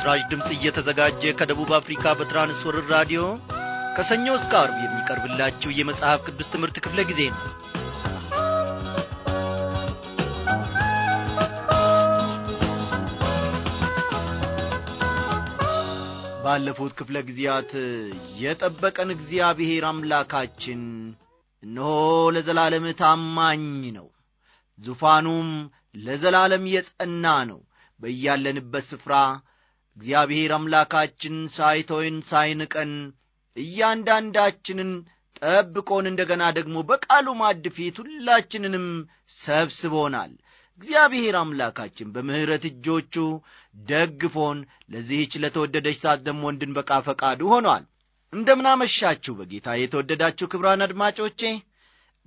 ለምስራች ድምፅ እየተዘጋጀ ከደቡብ አፍሪካ በትራንስወርር ራዲዮ ከሰኞ እስከ አርብ የሚቀርብላችሁ የመጽሐፍ ቅዱስ ትምህርት ክፍለ ጊዜ ነው። ባለፉት ክፍለ ጊዜያት የጠበቀን እግዚአብሔር አምላካችን እነሆ ለዘላለም ታማኝ ነው፣ ዙፋኑም ለዘላለም የጸና ነው። በያለንበት ስፍራ እግዚአብሔር አምላካችን ሳይቶይን ሳይንቀን እያንዳንዳችንን ጠብቆን እንደገና ደግሞ በቃሉ ማድ ፊት ሁላችንንም ሰብስቦናል። እግዚአብሔር አምላካችን በምሕረት እጆቹ ደግፎን ለዚህች ለተወደደች ሰዓት ደግሞ እንድንበቃ ፈቃዱ ሆኗል። እንደምናመሻችሁ በጌታ የተወደዳችሁ ክብራን አድማጮቼ፣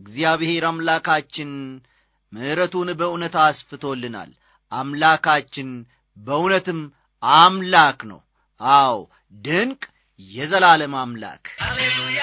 እግዚአብሔር አምላካችን ምሕረቱን በእውነት አስፍቶልናል። አምላካችን በእውነትም አምላክ ነው። አዎ ድንቅ የዘላለም አምላክ ሃሌሉያ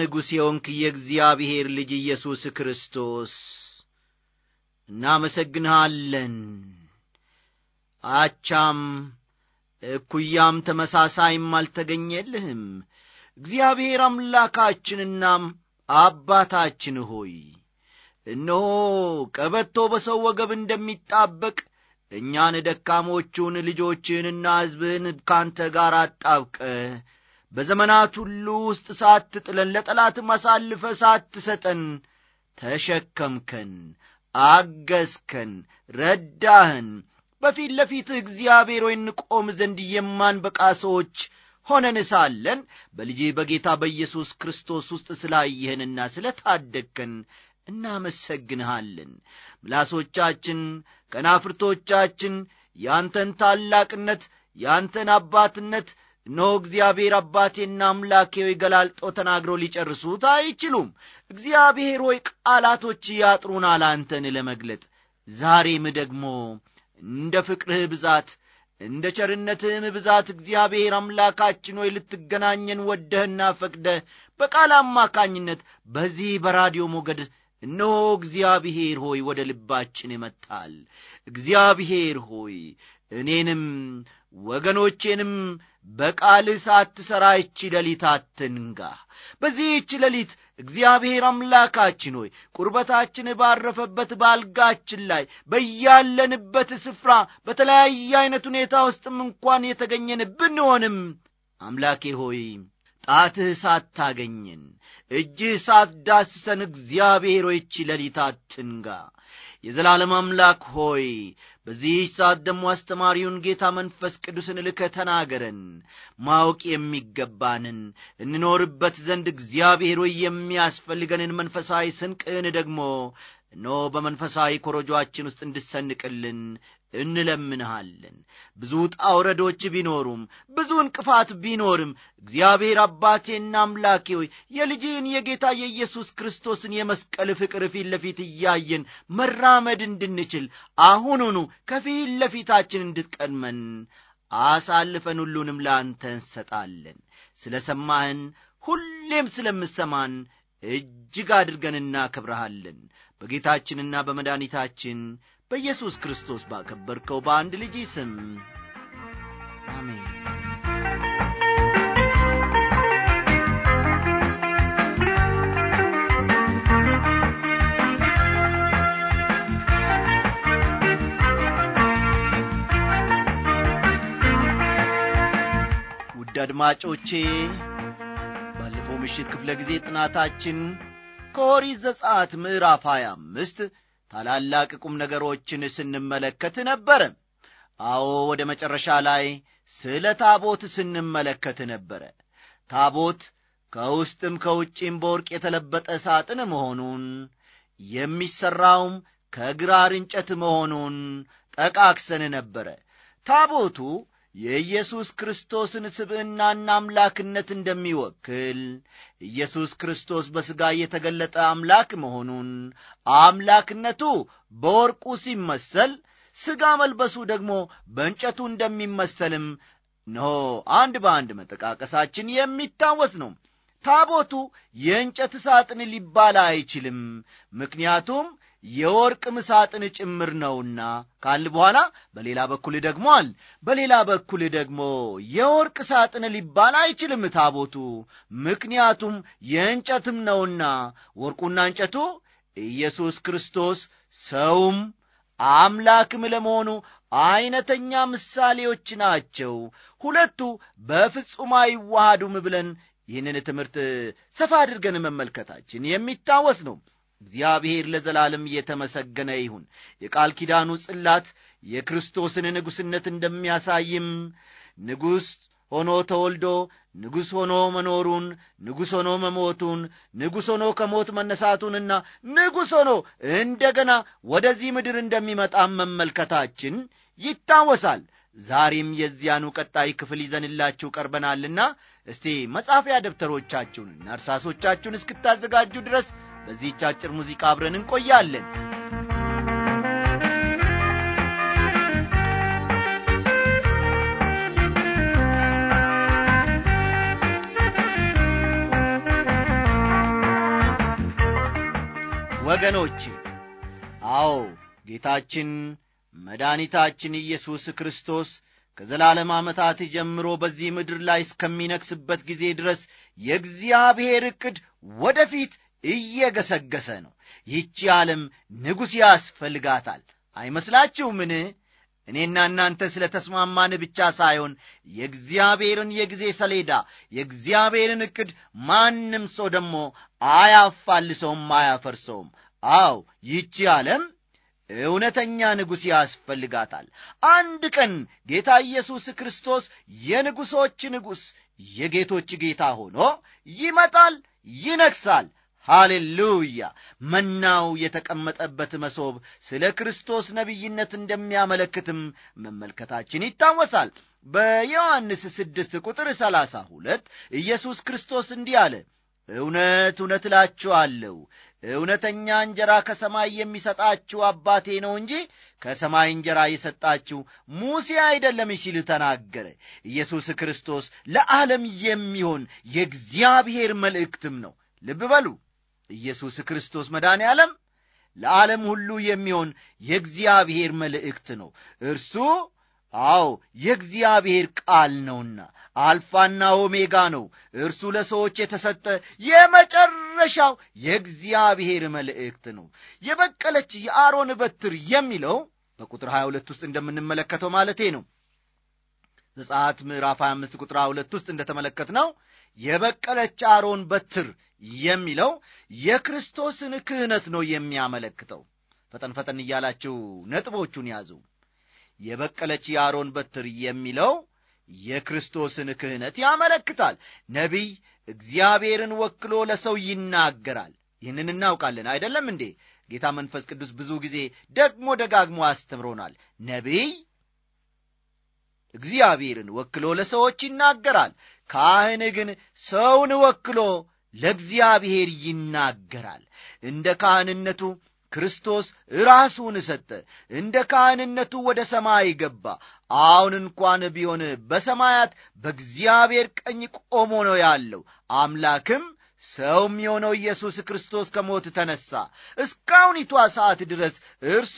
ንጉሥ የሆንክ የእግዚአብሔር ልጅ ኢየሱስ ክርስቶስ እናመሰግንሃለን። አቻም እኩያም ተመሳሳይም አልተገኘልህም። እግዚአብሔር አምላካችንና አባታችን ሆይ እነሆ ቀበቶ በሰው ወገብ እንደሚጣበቅ እኛን ደካሞቹን ልጆችህንና ሕዝብህን ካንተ ጋር አጣብቀ በዘመናት ሁሉ ውስጥ ሳትጥለን ለጠላትም አሳልፈ ሳትሰጠን ተሸከምከን፣ አገዝከን፣ ረዳህን። በፊት ለፊትህ እግዚአብሔር ወይን እንቆም ዘንድ የማንበቃ ሰዎች ሆነን ሳለን በልጅ በጌታ በኢየሱስ ክርስቶስ ውስጥ ስላየህንና ስለ ታደግከን እናመሰግንሃለን። ምላሶቻችን፣ ከናፍርቶቻችን ያንተን ታላቅነት፣ ያንተን አባትነት እነሆ እግዚአብሔር አባቴና አምላኬ ሆይ ገላልጦ ተናግረው ሊጨርሱት አይችሉም። እግዚአብሔር ሆይ ቃላቶች ያጥሩናል አንተን ለመግለጥ። ዛሬም ደግሞ እንደ ፍቅርህ ብዛት እንደ ቸርነትህም ብዛት እግዚአብሔር አምላካችን ሆይ ልትገናኘን ወደህና ፈቅደህ በቃል አማካኝነት በዚህ በራዲዮ ሞገድ እነሆ እግዚአብሔር ሆይ ወደ ልባችን ይመጣል። እግዚአብሔር ሆይ እኔንም ወገኖቼንም በቃልህ ሳትሠራይች ሌሊት አትንጋ። በዚህች ሌሊት እግዚአብሔር አምላካችን ሆይ ቁርበታችን ባረፈበት ባልጋችን ላይ በያለንበት ስፍራ በተለያየ ዐይነት ሁኔታ ውስጥም እንኳን የተገኘን ብንሆንም አምላኬ ሆይ ጣትህ ሳታገኝን እጅህ ሳትዳስሰን እግዚአብሔር ሆይ ሌሊት አትንጋ። የዘላለም አምላክ ሆይ በዚህች ሰዓት ደሞ አስተማሪውን ጌታ መንፈስ ቅዱስን ልከ ተናገረን። ማወቅ የሚገባንን እንኖርበት ዘንድ እግዚአብሔር ወይ የሚያስፈልገንን መንፈሳዊ ስንቅን ደግሞ እነሆ በመንፈሳዊ ኮረጆአችን ውስጥ እንድሰንቅልን እንለምንሃለን። ብዙ ጣውረዶች ቢኖሩም ብዙ እንቅፋት ቢኖርም እግዚአብሔር አባቴና አምላኬ ሆይ የልጅህን የጌታ የኢየሱስ ክርስቶስን የመስቀል ፍቅር ፊት ለፊት እያየን መራመድ እንድንችል አሁኑኑ ከፊት ለፊታችን እንድትቀድመን አሳልፈን ሁሉንም ለአንተ እንሰጣለን። ስለ ሰማህን ሁሌም ስለምሰማን እጅግ አድርገን እናከብረሃለን። በጌታችንና በመድኃኒታችን በኢየሱስ ክርስቶስ ባከበርከው በአንድ ልጅ ስም አሜን። አድማጮቼ ባለፈው ምሽት ክፍለ ጊዜ ጥናታችን ከኦሪት ዘጸአት ምዕራፍ 25 ታላላቅ ቁም ነገሮችን ስንመለከት ነበረ። አዎ ወደ መጨረሻ ላይ ስለ ታቦት ስንመለከት ነበረ። ታቦት ከውስጥም ከውጭም በወርቅ የተለበጠ ሳጥን መሆኑን የሚሠራውም ከግራር እንጨት መሆኑን ጠቃክሰን ነበረ። ታቦቱ የኢየሱስ ክርስቶስን ስብዕናና አምላክነት እንደሚወክል ኢየሱስ ክርስቶስ በሥጋ የተገለጠ አምላክ መሆኑን አምላክነቱ በወርቁ ሲመሰል ሥጋ መልበሱ ደግሞ በእንጨቱ እንደሚመሰልም ኖ አንድ በአንድ መጠቃቀሳችን የሚታወስ ነው። ታቦቱ የእንጨት ሳጥን ሊባል አይችልም። ምክንያቱም የወርቅ ምሳጥን ጭምር ነውና ካል በኋላ በሌላ በኩል ደግሞ አል በሌላ በኩል ደግሞ የወርቅ ሳጥን ሊባል አይችልም ታቦቱ፣ ምክንያቱም የእንጨትም ነውና ወርቁና እንጨቱ ኢየሱስ ክርስቶስ ሰውም አምላክም ለመሆኑ ዐይነተኛ ምሳሌዎች ናቸው። ሁለቱ በፍጹም አይዋሃዱም ብለን ይህንን ትምህርት ሰፋ አድርገን መመልከታችን የሚታወስ ነው። እግዚአብሔር ለዘላለም እየተመሰገነ ይሁን። የቃል ኪዳኑ ጽላት የክርስቶስን ንጉሥነት እንደሚያሳይም ንጉሥ ሆኖ ተወልዶ ንጉሥ ሆኖ መኖሩን፣ ንጉሥ ሆኖ መሞቱን፣ ንጉሥ ሆኖ ከሞት መነሳቱንና ንጉሥ ሆኖ እንደገና ወደዚህ ምድር እንደሚመጣም መመልከታችን ይታወሳል። ዛሬም የዚያኑ ቀጣይ ክፍል ይዘንላችሁ ቀርበናልና እስቲ መጻፊያ ደብተሮቻችሁንና እርሳሶቻችሁን እስክታዘጋጁ ድረስ በዚህች አጭር ሙዚቃ አብረን እንቆያለን። ወገኖች አዎ ጌታችን መድኃኒታችን ኢየሱስ ክርስቶስ ከዘላለም ዓመታት ጀምሮ በዚህ ምድር ላይ እስከሚነክስበት ጊዜ ድረስ የእግዚአብሔር ዕቅድ ወደፊት እየገሰገሰ ነው። ይቺ ዓለም ንጉሥ ያስፈልጋታል አይመስላችሁምን? እኔና እናንተ ስለ ተስማማን ብቻ ሳይሆን የእግዚአብሔርን የጊዜ ሰሌዳ የእግዚአብሔርን ዕቅድ ማንም ሰው ደግሞ አያፋልሰውም፣ አያፈርሰውም። አዎ ይቺ ዓለም እውነተኛ ንጉሥ ያስፈልጋታል። አንድ ቀን ጌታ ኢየሱስ ክርስቶስ የንጉሶች ንጉሥ የጌቶች ጌታ ሆኖ ይመጣል፣ ይነግሣል። ሃሌሉያ! መናው የተቀመጠበት መሶብ ስለ ክርስቶስ ነቢይነት እንደሚያመለክትም መመልከታችን ይታወሳል። በዮሐንስ ስድስት ቁጥር ሰላሳ ሁለት ኢየሱስ ክርስቶስ እንዲህ አለ እውነት እውነት እላችኋለሁ እውነተኛ እንጀራ ከሰማይ የሚሰጣችሁ አባቴ ነው እንጂ ከሰማይ እንጀራ የሰጣችሁ ሙሴ አይደለም ሲል ተናገረ። ኢየሱስ ክርስቶስ ለዓለም የሚሆን የእግዚአብሔር መልእክትም ነው። ልብ በሉ ኢየሱስ ክርስቶስ መድኃኔ ዓለም ለዓለም ሁሉ የሚሆን የእግዚአብሔር መልእክት ነው። እርሱ አዎ የእግዚአብሔር ቃል ነውና አልፋና ኦሜጋ ነው። እርሱ ለሰዎች የተሰጠ የመጨረሻው የእግዚአብሔር መልእክት ነው። የበቀለች የአሮን በትር የሚለው በቁጥር 22 ውስጥ እንደምንመለከተው ማለቴ ነው። ዘጻት ምዕራፍ 25 ቁጥር 22 ውስጥ ነው። የበቀለች አሮን በትር የሚለው የክርስቶስን ክህነት ነው የሚያመለክተው። ፈጠን ፈጠን እያላችሁ ነጥቦቹን ያዙ። የበቀለች የአሮን በትር የሚለው የክርስቶስን ክህነት ያመለክታል። ነቢይ እግዚአብሔርን ወክሎ ለሰው ይናገራል። ይህንን እናውቃለን አይደለም እንዴ? ጌታ መንፈስ ቅዱስ ብዙ ጊዜ ደግሞ ደጋግሞ አስተምሮናል። ነቢይ እግዚአብሔርን ወክሎ ለሰዎች ይናገራል፣ ካህን ግን ሰውን ወክሎ ለእግዚአብሔር ይናገራል። እንደ ካህንነቱ ክርስቶስ ራሱን ሰጠ። እንደ ካህንነቱ ወደ ሰማይ ገባ። አሁን እንኳን ቢሆን በሰማያት በእግዚአብሔር ቀኝ ቆሞ ነው ያለው። አምላክም ሰውም የሆነው ኢየሱስ ክርስቶስ ከሞት ተነሣ። እስካሁኒቷ ሰዓት ድረስ እርሱ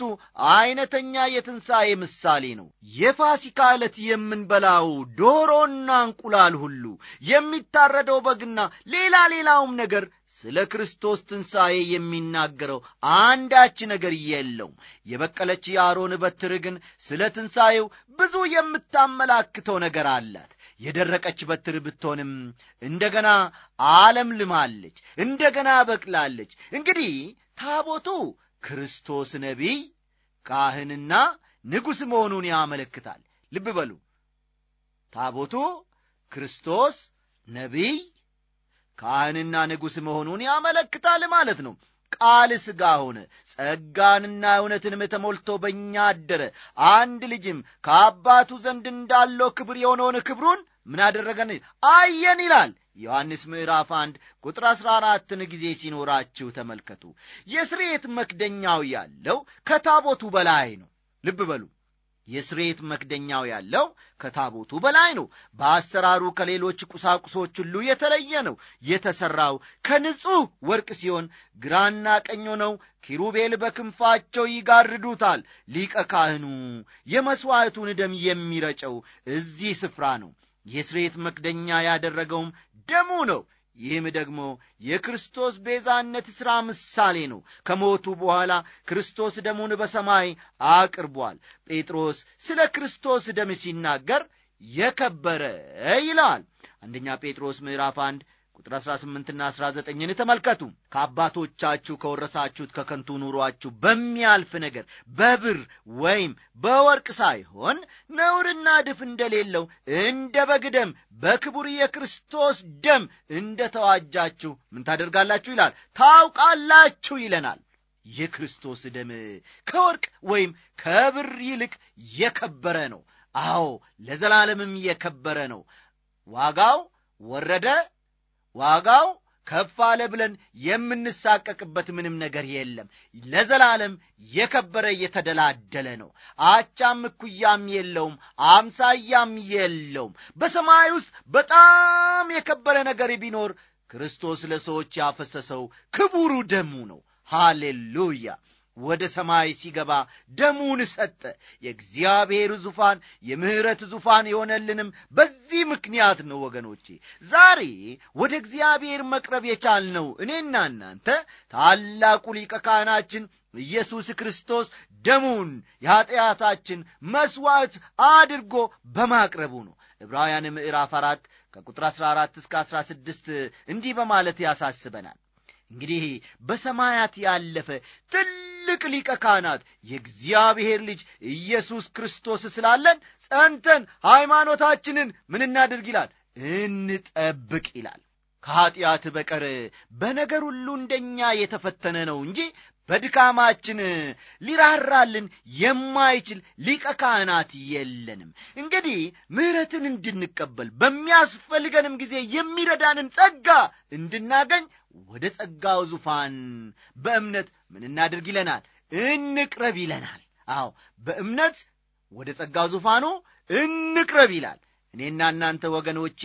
ዐይነተኛ የትንሣኤ ምሳሌ ነው። የፋሲካ ዕለት የምንበላው ዶሮና እንቁላል ሁሉ፣ የሚታረደው በግና ሌላ ሌላውም ነገር ስለ ክርስቶስ ትንሣኤ የሚናገረው አንዳች ነገር የለውም። የበቀለች የአሮን በትር ግን ስለ ትንሣኤው ብዙ የምታመላክተው ነገር አላት። የደረቀች በትር ብትሆንም እንደገና አለምልማለች፣ እንደገና በቅላለች። እንግዲህ ታቦቱ ክርስቶስ ነቢይ፣ ካህንና ንጉሥ መሆኑን ያመለክታል። ልብ በሉ ታቦቱ ክርስቶስ ነቢይ፣ ካህንና ንጉሥ መሆኑን ያመለክታል ማለት ነው። ቃል ሥጋ ሆነ፣ ጸጋንና እውነትንም ተሞልቶ በእኛ አደረ። አንድ ልጅም ከአባቱ ዘንድ እንዳለው ክብር የሆነውን ክብሩን ምን አደረገን? አየን ይላል ዮሐንስ ምዕራፍ 1 ቁጥር 14ን ጊዜ ሲኖራችሁ ተመልከቱ። የስርየት መክደኛው ያለው ከታቦቱ በላይ ነው። ልብ በሉ የስሬት መክደኛው ያለው ከታቦቱ በላይ ነው። በአሰራሩ ከሌሎች ቁሳቁሶች ሁሉ የተለየ ነው። የተሠራው ከንጹሕ ወርቅ ሲሆን ግራና ቀኝ ሆነው ኪሩቤል በክንፋቸው ይጋርዱታል። ሊቀ ካህኑ የመሥዋዕቱን ደም የሚረጨው እዚህ ስፍራ ነው። የስሬት መክደኛ ያደረገውም ደሙ ነው። ይህም ደግሞ የክርስቶስ ቤዛነት ሥራ ምሳሌ ነው። ከሞቱ በኋላ ክርስቶስ ደሙን በሰማይ አቅርቧል። ጴጥሮስ ስለ ክርስቶስ ደም ሲናገር የከበረ ይላል። አንደኛ ጴጥሮስ ምዕራፍ 1 ቁጥር 18ና 19ን ተመልከቱ። ከአባቶቻችሁ ከወረሳችሁት ከከንቱ ኑሯችሁ በሚያልፍ ነገር በብር ወይም በወርቅ ሳይሆን ነውርና ድፍ እንደሌለው እንደ በግ ደም በክቡር የክርስቶስ ደም እንደ ተዋጃችሁ ምን ታደርጋላችሁ ይላል፣ ታውቃላችሁ ይለናል። የክርስቶስ ደም ከወርቅ ወይም ከብር ይልቅ የከበረ ነው። አዎ ለዘላለምም የከበረ ነው። ዋጋው ወረደ ዋጋው ከፍ አለ ብለን የምንሳቀቅበት ምንም ነገር የለም። ለዘላለም የከበረ የተደላደለ ነው። አቻም እኩያም የለውም፣ አምሳያም የለውም። በሰማይ ውስጥ በጣም የከበረ ነገር ቢኖር ክርስቶስ ለሰዎች ያፈሰሰው ክቡሩ ደሙ ነው። ሃሌሉያ! ወደ ሰማይ ሲገባ ደሙን ሰጠ። የእግዚአብሔር ዙፋን የምሕረት ዙፋን የሆነልንም በዚህ ምክንያት ነው። ወገኖቼ ዛሬ ወደ እግዚአብሔር መቅረብ የቻልነው እኔና እናንተ ታላቁ ሊቀ ካህናችን ኢየሱስ ክርስቶስ ደሙን የኀጢአታችን መሥዋዕት አድርጎ በማቅረቡ ነው። ዕብራውያን ምዕራፍ አራት ከቁጥር 14 እስከ 16 እንዲህ በማለት ያሳስበናል እንግዲህ በሰማያት ያለፈ ትልቅ ሊቀ ካህናት የእግዚአብሔር ልጅ ኢየሱስ ክርስቶስ ስላለን ጸንተን ሃይማኖታችንን ምን እናድርግ ይላል? እንጠብቅ ይላል። ከኀጢአት በቀር በነገር ሁሉ እንደኛ የተፈተነ ነው እንጂ በድካማችን ሊራራልን የማይችል ሊቀ ካህናት የለንም። እንግዲህ ምሕረትን እንድንቀበል በሚያስፈልገንም ጊዜ የሚረዳንን ጸጋ እንድናገኝ ወደ ጸጋው ዙፋን በእምነት ምን እናድርግ ይለናል? እንቅረብ ይለናል። አዎ በእምነት ወደ ጸጋው ዙፋኑ እንቅረብ ይላል። እኔና እናንተ ወገኖቼ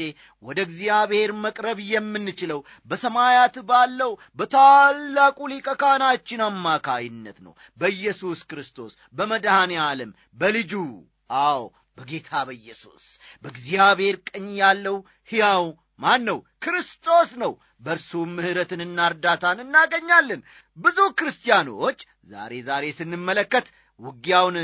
ወደ እግዚአብሔር መቅረብ የምንችለው በሰማያት ባለው በታላቁ ሊቀ አማካይነት ነው። በኢየሱስ ክርስቶስ በመድኃኔ ዓለም በልጁ አዎ፣ በጌታ በኢየሱስ በእግዚአብሔር ቀኝ ያለው ሕያው ማን ነው? ክርስቶስ ነው። በእርሱም ምሕረትንና እርዳታን እናገኛለን። ብዙ ክርስቲያኖች ዛሬ ዛሬ ስንመለከት ውጊያውን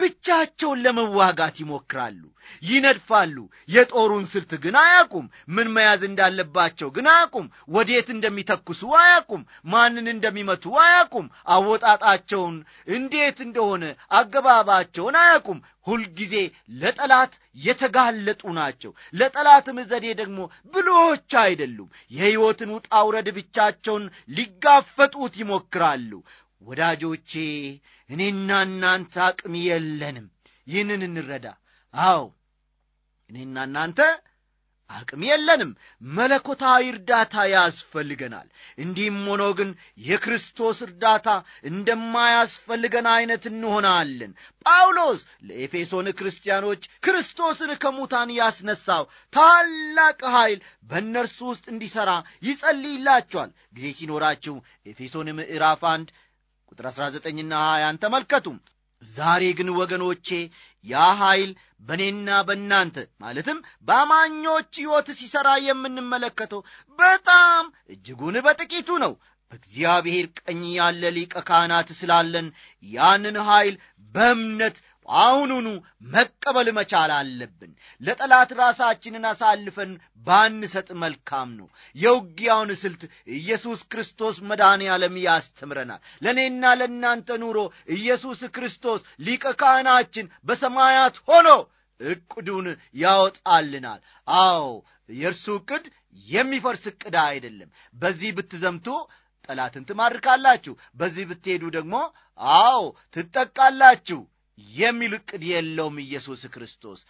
ብቻቸውን ለመዋጋት ይሞክራሉ፣ ይነድፋሉ። የጦሩን ስልት ግን አያውቁም። ምን መያዝ እንዳለባቸው ግን አያውቁም። ወዴት እንደሚተኩሱ አያውቁም። ማንን እንደሚመቱ አያውቁም። አወጣጣቸውን እንዴት እንደሆነ አገባባቸውን አያውቁም። ሁልጊዜ ለጠላት የተጋለጡ ናቸው። ለጠላትም ዘዴ ደግሞ ብልሆች አይደሉም። የሕይወትን ውጣ ውረድ ብቻቸውን ሊጋፈጡት ይሞክራሉ። ወዳጆቼ እኔና እናንተ አቅም የለንም ይህንን እንረዳ አዎ እኔና እናንተ አቅም የለንም መለኮታዊ እርዳታ ያስፈልገናል እንዲህም ሆኖ ግን የክርስቶስ እርዳታ እንደማያስፈልገን አይነት እንሆናለን ጳውሎስ ለኤፌሶን ክርስቲያኖች ክርስቶስን ከሙታን ያስነሳው ታላቅ ኃይል በእነርሱ ውስጥ እንዲሠራ ይጸልይላቸዋል ጊዜ ሲኖራችሁ ኤፌሶን ምዕራፍ አንድ ቁጥር 19ና 20ን ዛሬ ግን ወገኖቼ ያ ኃይል በእኔና በእናንተ ማለትም በአማኞች ሕይወት ሲሠራ የምንመለከተው በጣም እጅጉን በጥቂቱ ነው። በእግዚአብሔር ቀኝ ያለ ሊቀ ካህናት ስላለን ያንን ኃይል በእምነት አሁኑኑ መቀበል መቻል አለብን። ለጠላት ራሳችንን አሳልፈን ባንሰጥ መልካም ነው። የውጊያውን ስልት ኢየሱስ ክርስቶስ መድኃኔ ዓለም ያስተምረናል። ለእኔና ለእናንተ ኑሮ ኢየሱስ ክርስቶስ ሊቀ ካህናችን በሰማያት ሆኖ ዕቅዱን ያወጣልናል። አዎ የእርሱ ዕቅድ የሚፈርስ ዕቅድ አይደለም። በዚህ ብትዘምቱ ጠላትን ትማርካላችሁ፣ በዚህ ብትሄዱ ደግሞ አዎ ትጠቃላችሁ። የሚል ዕቅድ የለውም። ኢየሱስ ክርስቶስ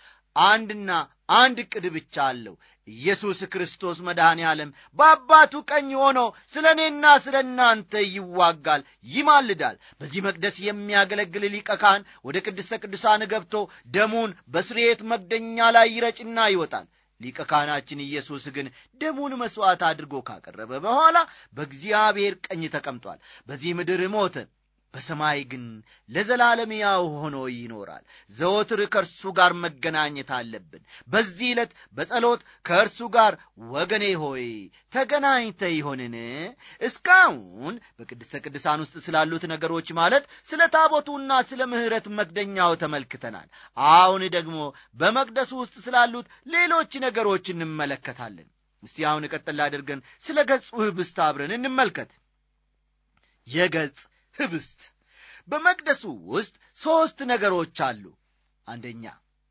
አንድና አንድ ዕቅድ ብቻ አለው። ኢየሱስ ክርስቶስ መድኃኔ ዓለም በአባቱ ቀኝ ሆኖ ስለ እኔና ስለ እናንተ ይዋጋል፣ ይማልዳል። በዚህ መቅደስ የሚያገለግል ሊቀ ካህን ወደ ቅድስተ ቅዱሳን ገብቶ ደሙን በስርየት መግደኛ ላይ ይረጭና ይወጣል። ሊቀ ካህናችን ኢየሱስ ግን ደሙን መሥዋዕት አድርጎ ካቀረበ በኋላ በእግዚአብሔር ቀኝ ተቀምጧል። በዚህ ምድር ሞተ፣ በሰማይ ግን ለዘላለም ያው ሆኖ ይኖራል። ዘወትር ከእርሱ ጋር መገናኘት አለብን። በዚህ ዕለት በጸሎት ከእርሱ ጋር ወገኔ ሆይ ተገናኝተ ይሆንን? እስካሁን በቅድስተ ቅዱሳን ውስጥ ስላሉት ነገሮች ማለት ስለ ታቦቱና ስለ ምሕረት መክደኛው ተመልክተናል። አሁን ደግሞ በመቅደሱ ውስጥ ስላሉት ሌሎች ነገሮች እንመለከታለን። እስቲ አሁን ቀጠል አድርገን ስለ ገጹ ኅብስት አብረን እንመልከት። የገጽ ህብስት። በመቅደሱ ውስጥ ሦስት ነገሮች አሉ። አንደኛ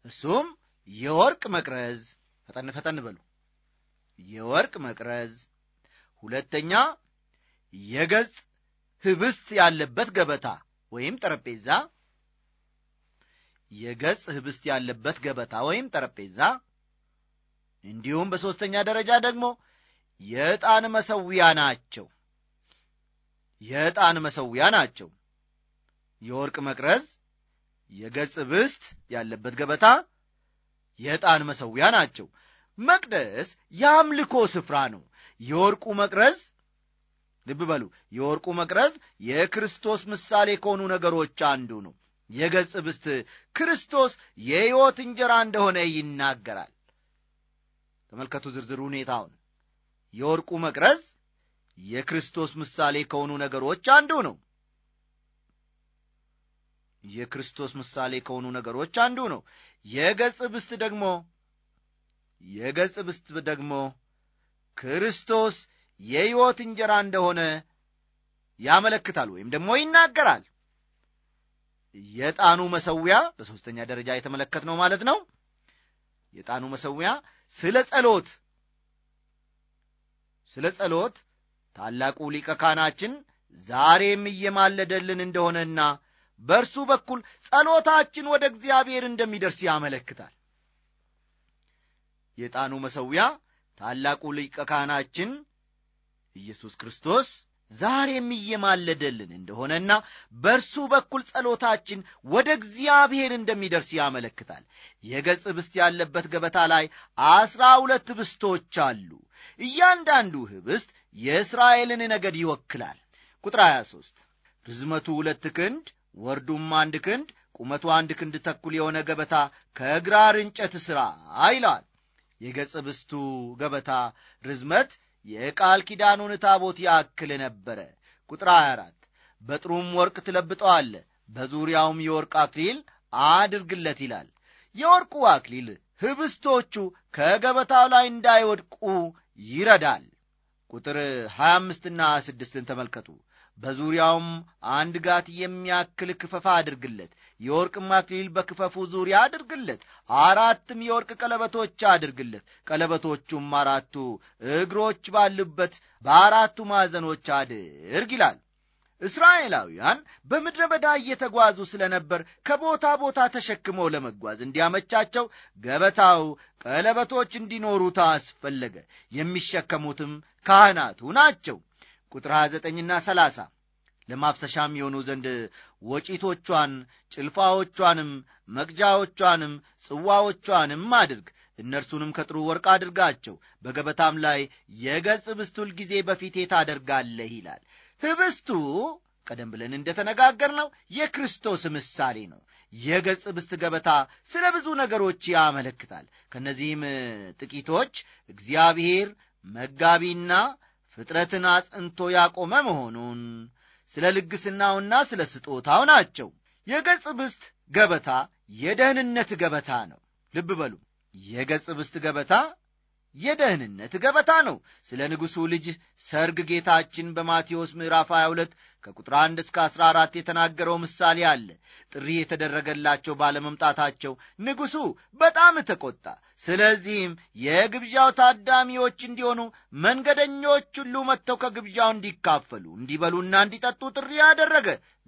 እርሱም የወርቅ መቅረዝ፣ ፈጠን ፈጠን በሉ፣ የወርቅ መቅረዝ። ሁለተኛ የገጽ ህብስት ያለበት ገበታ ወይም ጠረጴዛ፣ የገጽ ህብስት ያለበት ገበታ ወይም ጠረጴዛ። እንዲሁም በሦስተኛ ደረጃ ደግሞ የዕጣን መሠዊያ ናቸው። የዕጣን መሠዊያ ናቸው። የወርቅ መቅረዝ፣ የገጽ ብስት ያለበት ገበታ የዕጣን መሠዊያ ናቸው። መቅደስ የአምልኮ ስፍራ ነው። የወርቁ መቅረዝ ልብ በሉ፣ የወርቁ መቅረዝ የክርስቶስ ምሳሌ ከሆኑ ነገሮች አንዱ ነው። የገጽ ብስት ክርስቶስ የሕይወት እንጀራ እንደሆነ ይናገራል። ተመልከቱ ዝርዝር ሁኔታውን። የወርቁ መቅረዝ የክርስቶስ ምሳሌ ከሆኑ ነገሮች አንዱ ነው። የክርስቶስ ምሳሌ ከሆኑ ነገሮች አንዱ ነው። የገጽ ብስት ደግሞ የገጽ ብስት ደግሞ ክርስቶስ የሕይወት እንጀራ እንደሆነ ያመለክታል ወይም ደግሞ ይናገራል። የጣኑ መሰዊያ በሦስተኛ ደረጃ የተመለከት ነው ማለት ነው። የጣኑ መሰዊያ ስለ ጸሎት ስለ ጸሎት ታላቁ ሊቀ ካህናችን ዛሬም እየማለደልን እንደሆነና በእርሱ በኩል ጸሎታችን ወደ እግዚአብሔር እንደሚደርስ ያመለክታል። የጣኑ መሠዊያ ታላቁ ሊቀ ካህናችን ኢየሱስ ክርስቶስ ዛሬም እየማለደልን እንደሆነና በእርሱ በኩል ጸሎታችን ወደ እግዚአብሔር እንደሚደርስ ያመለክታል። የገጽ ብስት ያለበት ገበታ ላይ አስራ ሁለት ብስቶች አሉ። እያንዳንዱ ህብስት የእስራኤልን ነገድ ይወክላል። ቁጥር 23 ርዝመቱ ሁለት ክንድ ወርዱም አንድ ክንድ ቁመቱ አንድ ክንድ ተኩል የሆነ ገበታ ከግራር እንጨት ሥራ ይለዋል። የገጽ ብስቱ ገበታ ርዝመት የቃል ኪዳኑን ታቦት ያክል ነበረ። ቁጥር 24 በጥሩም ወርቅ ትለብጠዋለ፣ በዙሪያውም የወርቅ አክሊል አድርግለት ይላል። የወርቁ አክሊል ህብስቶቹ ከገበታው ላይ እንዳይወድቁ ይረዳል። ቁጥር 25ና 26ን ተመልከቱ። በዙሪያውም አንድ ጋት የሚያክል ክፈፍ አድርግለት። የወርቅም አክሊል በክፈፉ ዙሪያ አድርግለት። አራትም የወርቅ ቀለበቶች አድርግለት። ቀለበቶቹም አራቱ እግሮች ባሉበት በአራቱ ማዕዘኖች አድርግ ይላል። እስራኤላውያን በምድረ በዳ እየተጓዙ ስለ ነበር ከቦታ ቦታ ተሸክመው ለመጓዝ እንዲያመቻቸው ገበታው ቀለበቶች እንዲኖሩት አስፈለገ። የሚሸከሙትም ካህናቱ ናቸው። ቁጥር 29 እና 30 ለማፍሰሻ የሚሆኑ ዘንድ ወጪቶቿን ጭልፋዎቿንም መቅጃዎቿንም ጽዋዎቿንም አድርግ እነርሱንም ከጥሩ ወርቅ አድርጋቸው በገበታም ላይ የገጽ ብስቱል ጊዜ በፊቴ ታደርጋለህ ይላል ህብስቱ ቀደም ብለን እንደተነጋገርነው የክርስቶስ ምሳሌ ነው የገጽ ብስት ገበታ ስለ ብዙ ነገሮች ያመለክታል ከእነዚህም ጥቂቶች እግዚአብሔር መጋቢና ፍጥረትን አጽንቶ ያቆመ መሆኑን ስለ ልግስናውና ስለ ስጦታው ናቸው። የገጽ ብስት ገበታ የደህንነት ገበታ ነው። ልብ በሉ፣ የገጽ ብስት ገበታ የደህንነት ገበታ ነው። ስለ ንጉሡ ልጅ ሰርግ ጌታችን በማቴዎስ ምዕራፍ 22 ከቁጥር 1 እስከ 14 የተናገረው ምሳሌ አለ። ጥሪ የተደረገላቸው ባለመምጣታቸው ንጉሡ በጣም ተቆጣ። ስለዚህም የግብዣው ታዳሚዎች እንዲሆኑ መንገደኞች ሁሉ መጥተው ከግብዣው እንዲካፈሉ፣ እንዲበሉና እንዲጠጡ ጥሪ አደረገ።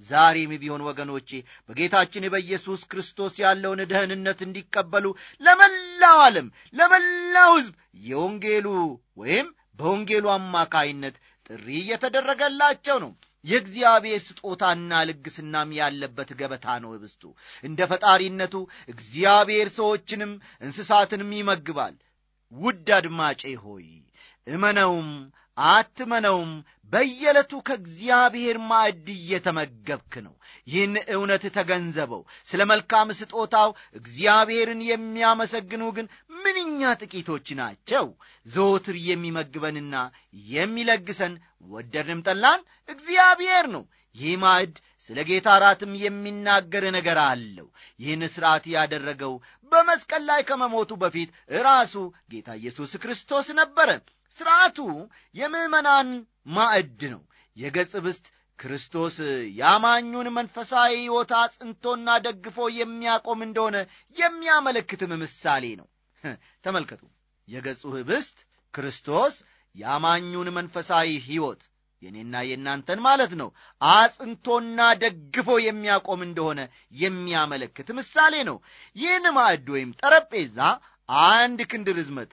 ዛሬም ቢሆን ወገኖቼ በጌታችን በኢየሱስ ክርስቶስ ያለውን ደህንነት እንዲቀበሉ ለመላው ዓለም ለመላው ሕዝብ የወንጌሉ ወይም በወንጌሉ አማካይነት ጥሪ እየተደረገላቸው ነው። የእግዚአብሔር ስጦታና ልግስናም ያለበት ገበታ ነው ህብስቱ። እንደ ፈጣሪነቱ እግዚአብሔር ሰዎችንም እንስሳትንም ይመግባል። ውድ አድማጬ ሆይ እመነውም አትመነውም። በየዕለቱ ከእግዚአብሔር ማዕድ እየተመገብክ ነው። ይህን እውነት ተገንዘበው። ስለ መልካም ስጦታው እግዚአብሔርን የሚያመሰግኑ ግን ምንኛ ጥቂቶች ናቸው። ዘወትር የሚመግበንና የሚለግሰን ወደድንም ጠላን እግዚአብሔር ነው። ይህ ማዕድ ስለ ጌታ ራትም የሚናገር ነገር አለው። ይህን ሥርዓት ያደረገው በመስቀል ላይ ከመሞቱ በፊት ራሱ ጌታ ኢየሱስ ክርስቶስ ነበረ። ሥርዓቱ የምዕመናን ማዕድ ነው። የገጽ ብስት ክርስቶስ የአማኙን መንፈሳዊ ሕይወት አጽንቶና ደግፎ የሚያቆም እንደሆነ የሚያመለክትም ምሳሌ ነው። ተመልከቱ። የገጹ ኅብስት ክርስቶስ የአማኙን መንፈሳዊ ሕይወት የእኔና የእናንተን ማለት ነው አጽንቶና ደግፎ የሚያቆም እንደሆነ የሚያመለክት ምሳሌ ነው። ይህን ማዕድ ወይም ጠረጴዛ አንድ ክንድ ርዝመት፣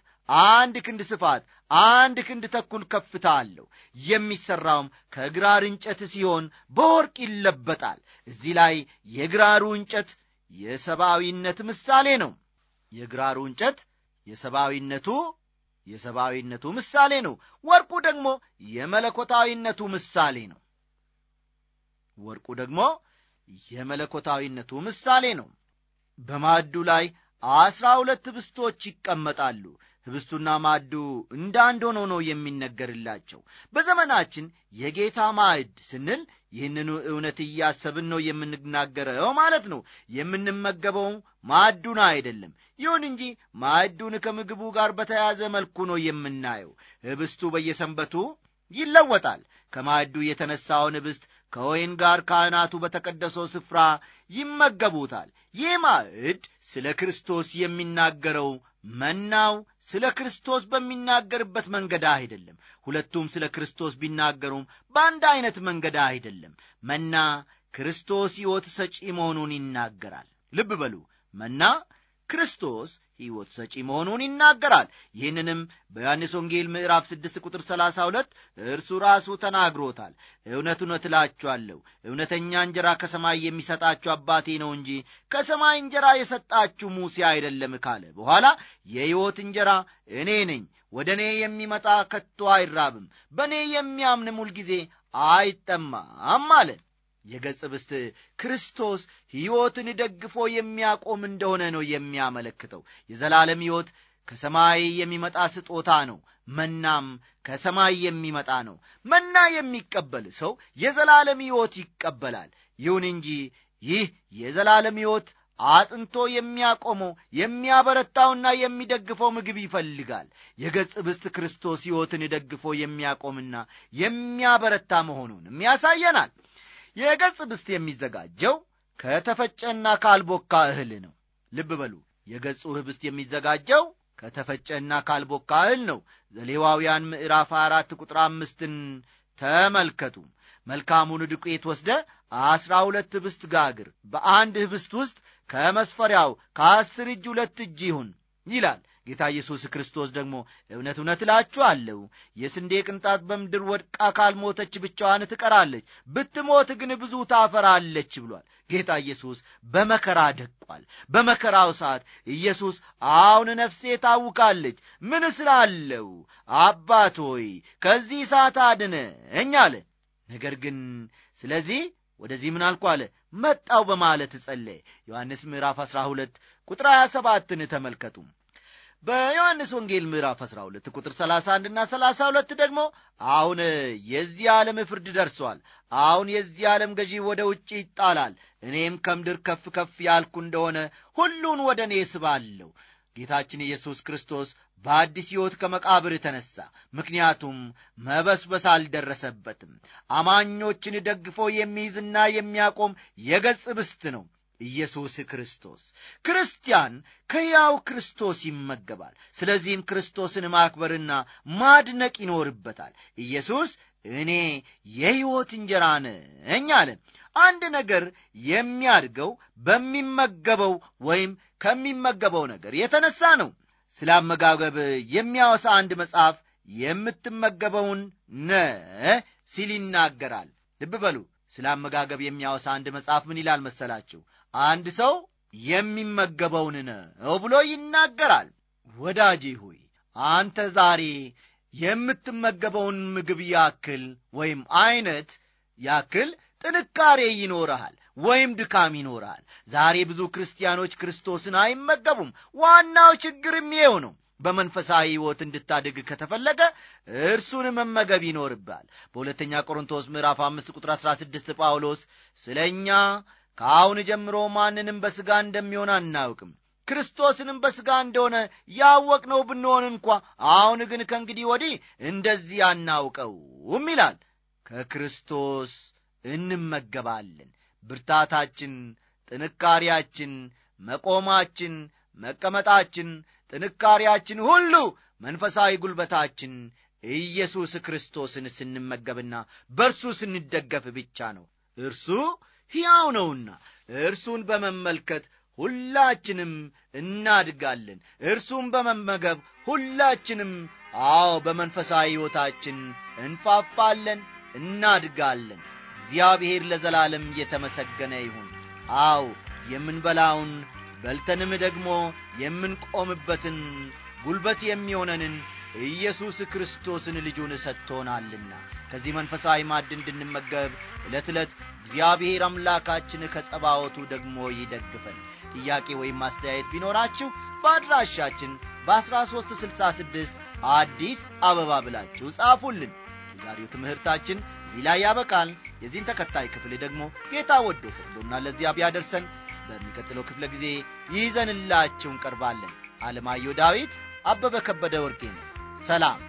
አንድ ክንድ ስፋት፣ አንድ ክንድ ተኩል ከፍታ አለው። የሚሠራውም ከግራር እንጨት ሲሆን በወርቅ ይለበጣል። እዚህ ላይ የግራሩ እንጨት የሰብአዊነት ምሳሌ ነው። የግራሩ እንጨት የሰብአዊነቱ የሰብአዊነቱ ምሳሌ ነው። ወርቁ ደግሞ የመለኮታዊነቱ ምሳሌ ነው። ወርቁ ደግሞ የመለኮታዊነቱ ምሳሌ ነው። በማዕዱ ላይ አስራ ሁለት ብስቶች ይቀመጣሉ። ህብስቱና ማዕዱ እንደ አንድ ሆኖ ነው የሚነገርላቸው። በዘመናችን የጌታ ማዕድ ስንል ይህንኑ እውነት እያሰብን ነው የምንናገረው ማለት ነው። የምንመገበው ማዕዱን አይደለም። ይሁን እንጂ ማዕዱን ከምግቡ ጋር በተያያዘ መልኩ ነው የምናየው። ህብስቱ በየሰንበቱ ይለወጣል። ከማዕዱ የተነሳውን ህብስት ከወይን ጋር ካህናቱ በተቀደሰው ስፍራ ይመገቡታል። ይህ ማዕድ ስለ ክርስቶስ የሚናገረው መናው ስለ ክርስቶስ በሚናገርበት መንገድ አይደለም። ሁለቱም ስለ ክርስቶስ ቢናገሩም በአንድ አይነት መንገድ አይደለም። መና ክርስቶስ ሕይወት ሰጪ መሆኑን ይናገራል። ልብ በሉ መና ክርስቶስ ሕይወት ሰጪ መሆኑን ይናገራል። ይህንንም በዮሐንስ ወንጌል ምዕራፍ 6 ቁጥር 32 እርሱ ራሱ ተናግሮታል። እውነት እውነት እላችኋለሁ እውነተኛ እንጀራ ከሰማይ የሚሰጣችሁ አባቴ ነው እንጂ ከሰማይ እንጀራ የሰጣችሁ ሙሴ አይደለም ካለ በኋላ የሕይወት እንጀራ እኔ ነኝ፣ ወደ እኔ የሚመጣ ከቶ አይራብም፣ በእኔ የሚያምንም ሁልጊዜ አይጠማም አለ። የገጽ ብስት ክርስቶስ ሕይወትን ደግፎ የሚያቆም እንደሆነ ነው የሚያመለክተው። የዘላለም ሕይወት ከሰማይ የሚመጣ ስጦታ ነው። መናም ከሰማይ የሚመጣ ነው። መና የሚቀበል ሰው የዘላለም ሕይወት ይቀበላል። ይሁን እንጂ ይህ የዘላለም ሕይወት አጽንቶ የሚያቆመው የሚያበረታውና የሚደግፈው ምግብ ይፈልጋል። የገጽ ብስት ክርስቶስ ሕይወትን ደግፎ የሚያቆምና የሚያበረታ መሆኑንም ያሳየናል። የገጽ ብስት የሚዘጋጀው ከተፈጨና ካልቦካ እህል ነው። ልብ በሉ የገጹ ህብስት የሚዘጋጀው ከተፈጨና ካልቦካ እህል ነው። ዘሌዋውያን ምዕራፍ አራት ቁጥር አምስትን ተመልከቱ። መልካሙን ዱቄት ወስደ አስራ ሁለት ህብስት ጋግር፣ በአንድ ህብስት ውስጥ ከመስፈሪያው ከአስር እጅ ሁለት እጅ ይሁን ይላል። ጌታ ኢየሱስ ክርስቶስ ደግሞ እውነት እውነት እላችኋለሁ የስንዴ ቅንጣት በምድር ወድቃ ካልሞተች ብቻዋን ትቀራለች፣ ብትሞት ግን ብዙ ታፈራለች ብሏል። ጌታ ኢየሱስ በመከራ ደቋል። በመከራው ሰዓት ኢየሱስ አሁን ነፍሴ ታውካለች፣ ምን ስላለው አባት ሆይ ከዚህ ሰዓት አድነኝ አለ። ነገር ግን ስለዚህ ወደዚህ ምን አልኩ አለ መጣው በማለት ጸለየ። ዮሐንስ ምዕራፍ 12 ቁጥር 27ን ተመልከቱ። በዮሐንስ ወንጌል ምዕራፍ 12 ቁጥር 31 እና 32 ደግሞ አሁን የዚህ ዓለም ፍርድ ደርሷል፣ አሁን የዚህ ዓለም ገዢ ወደ ውጭ ይጣላል፣ እኔም ከምድር ከፍ ከፍ ያልኩ እንደሆነ ሁሉን ወደ እኔ ስባለሁ። ጌታችን ኢየሱስ ክርስቶስ በአዲስ ሕይወት ከመቃብር ተነሣ። ምክንያቱም መበስበስ አልደረሰበትም። አማኞችን ደግፎ የሚይዝና የሚያቆም የገጽ ብስት ነው። ኢየሱስ ክርስቶስ። ክርስቲያን ከያው ክርስቶስ ይመገባል። ስለዚህም ክርስቶስን ማክበርና ማድነቅ ይኖርበታል። ኢየሱስ እኔ የሕይወት እንጀራ ነኝ አለ። አንድ ነገር የሚያድገው በሚመገበው ወይም ከሚመገበው ነገር የተነሳ ነው። ስለ አመጋገብ የሚያወሳ አንድ መጽሐፍ የምትመገበውን ነ ሲል ይናገራል። ልብ በሉ ስለ አመጋገብ የሚያወሳ አንድ መጽሐፍ ምን ይላል መሰላችሁ? አንድ ሰው የሚመገበውን ነው ብሎ ይናገራል። ወዳጄ ሆይ አንተ ዛሬ የምትመገበውን ምግብ ያክል ወይም አይነት ያክል ጥንካሬ ይኖርሃል ወይም ድካም ይኖርሃል። ዛሬ ብዙ ክርስቲያኖች ክርስቶስን አይመገቡም። ዋናው ችግርም ይኸው ነው። በመንፈሳዊ ሕይወት እንድታድግ ከተፈለገ እርሱን መመገብ ይኖርባል። በሁለተኛ ቆሮንቶስ ምዕራፍ 5 ቁጥር 16 ጳውሎስ ስለ እኛ ከአሁን ጀምሮ ማንንም በሥጋ እንደሚሆን አናውቅም ክርስቶስንም በሥጋ እንደሆነ ያወቅነው ብንሆን እንኳ አሁን ግን ከእንግዲህ ወዲህ እንደዚህ አናውቀውም ይላል። ከክርስቶስ እንመገባለን። ብርታታችን፣ ጥንካሬያችን፣ መቆማችን፣ መቀመጣችን ጥንካሬያችን ሁሉ መንፈሳዊ ጉልበታችን ኢየሱስ ክርስቶስን ስንመገብና በእርሱ ስንደገፍ ብቻ ነው። እርሱ ሕያው ነውና እርሱን በመመልከት ሁላችንም እናድጋለን። እርሱን በመመገብ ሁላችንም አዎ፣ በመንፈሳዊ ሕይወታችን እንፋፋለን፣ እናድጋለን። እግዚአብሔር ለዘላለም እየተመሰገነ ይሁን። አዎ የምንበላውን በልተንም ደግሞ የምንቆምበትን ጉልበት የሚሆነንን ኢየሱስ ክርስቶስን ልጁን ሰጥቶናልና ከዚህ መንፈሳዊ ማድ እንድንመገብ ዕለት ዕለት እግዚአብሔር አምላካችን ከጸባወቱ ደግሞ ይደግፈን። ጥያቄ ወይም አስተያየት ቢኖራችሁ በአድራሻችን በ1366 አዲስ አበባ ብላችሁ ጻፉልን። የዛሬው ትምህርታችን እዚህ ላይ ያበቃል። የዚህን ተከታይ ክፍል ደግሞ ጌታ ወዶ ፈቅዶና ለዚያ ቢያደርሰን በሚቀጥለው ክፍለ ጊዜ ይዘንላችሁ እንቀርባለን። አለማየሁ ዳዊት፣ አበበ ከበደ ወርጌ ነው። ሰላም።